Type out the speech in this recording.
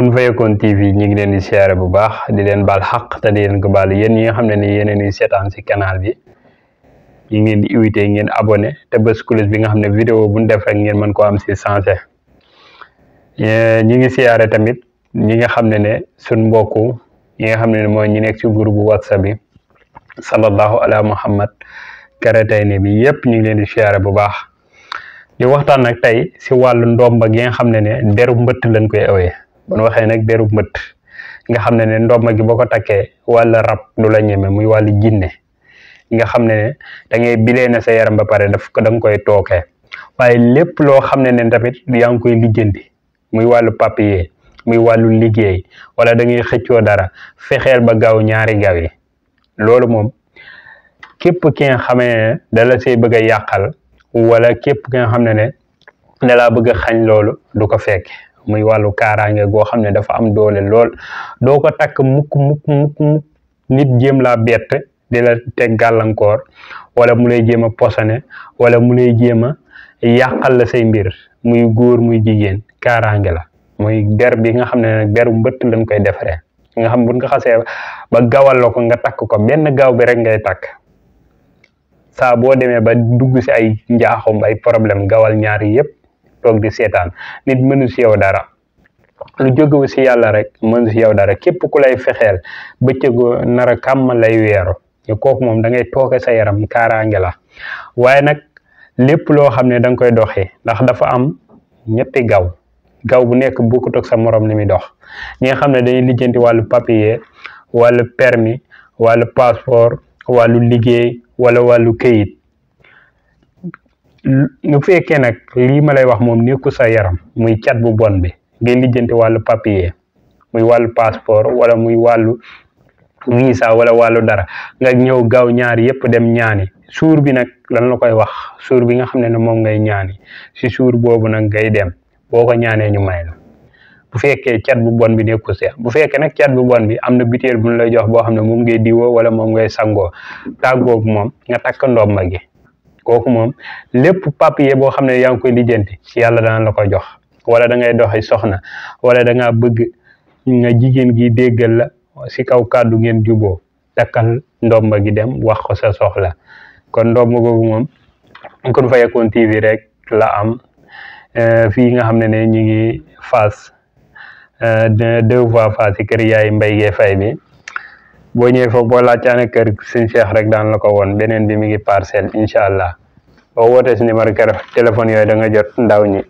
kun fayakun TV ñi ngi leen di siyaare bu baax di leen baal xaq te di leen ko baal yéen yi nga xam ne ni yeneen ñuy seetaan si canal bi ñi ngeen di invité ngeen abonné te bés kulus bi nga xam ne vidéo bu ñu def rek mën koo am si sensé ngi siyaare tamit ñi nga xam ne ne suñ mbokk ñi nga xam ne ne mooy ñi nekk si groupe whatsapp bi sallallahu ala muhammad karatayne bi yëpp ñu ngi leen di siyaare bu baax di waxtaan nag tey si wàllu ndomba gi nga xam ne ne deru mbëtt lañ koy awee bu ñu waxee nag derub mbët nga xam ne ne ndomba gi boo ko takkee wàll rab du la ñeme muy wàllu jinne nga xam ne ne da ngay bilee na sa yaram ba pare daf ko da koy tookee waaye lépp loo xam ne ne tamit yaa ngi koy liggéen lijjanti muy wàllu papier muy wàllu liggéey wala da ngay xëccoo dara fexeel ba gaaw ñaari gaaw yi loolu moom képp ki nga xamee ne dala say bëgg a yàqal wala képp ki nga xam ne ne dalaa bëgg xañ loolu du ko fekke muy wàllu kaaraange goo xam ne dafa am doole lool doo ko takk mukk mukk nit jéem laa bett di la teg gàllankoor wala mu lay jéem a posone wala mu lay jéem a yàqal la say mbir muy góor muy jigéen kaaraange la muy der bi nga xam ne nag deru mbëtt lañ koy defaree nga xam bu nga xasee ba gawal la ko nga takk ko benn gaaw bi rek ngay takk saa boo demee ba dugg si ay njaaxum ay problème gawal ñaar yëpp toog di seetaan nit mënu si yow dara lu jógewu si yàlla rek mënu si yow dara képp ku lay fexeel bëccëgu nara kàmm lay weeru ñu kooku moom da ngay tooke sa yaram kaaraange la waaye nag lépp loo xam ne da koy doxee ndax dafa am ñetti gaaw gaaw bu nekk bokkut ak sa moroom ni muy dox ñi nga xam ne dañuy lijjanti wàllu papier wàllu permis wàllu passeport wàllu liggéey wala wàllu këyit lu fekkee nag lii ma lay wax moom nekku sa yaram muy cat bu bon bi ngay lijjanti wàllu papier muy wàllu passeport wala muy wàllu visa wala wàllu dara nga ñëw gaaw ñaari yëpp dem ñaani suur bi nag lan la koy wax suur bi nga xam ne ne moom ngay ñaani si suur boobu nag ngay dem boo ko ñaanee ñu may la bu fekkee cat bu bon bi nekkul si bu fekkee nag cat bu bon bi am na butéel bu ñu lay jox boo xam ne moom ngay diwoo wala moom ngay sangoo taag boobu moom nga takk ndomba gi kooku moom lépp papier boo xam ne yaa ngi koy lijjanti yàlla dana la ko jox wala da ngay doxi soxna wala da ngaa bëgg nga jigéen gi déggal la si kaw kàddu ngeen juboo takkal ndomba gi dem wax ko sa soxla kon ndomba googu moom Kun Fayakoun TV rek la am eh, fii nga xam ne ne ñu ngi Fass eh, deux fois Fass si kër yaay Mbaye Gueye Faye bi boo ñëwee foofu boo laajtaane kër Sëñ Cheikh rek daan la woon beneen bi mi ngi parcelle incha allah boo wootee si numéro téléphone yooyu da nga jot ndaw ñi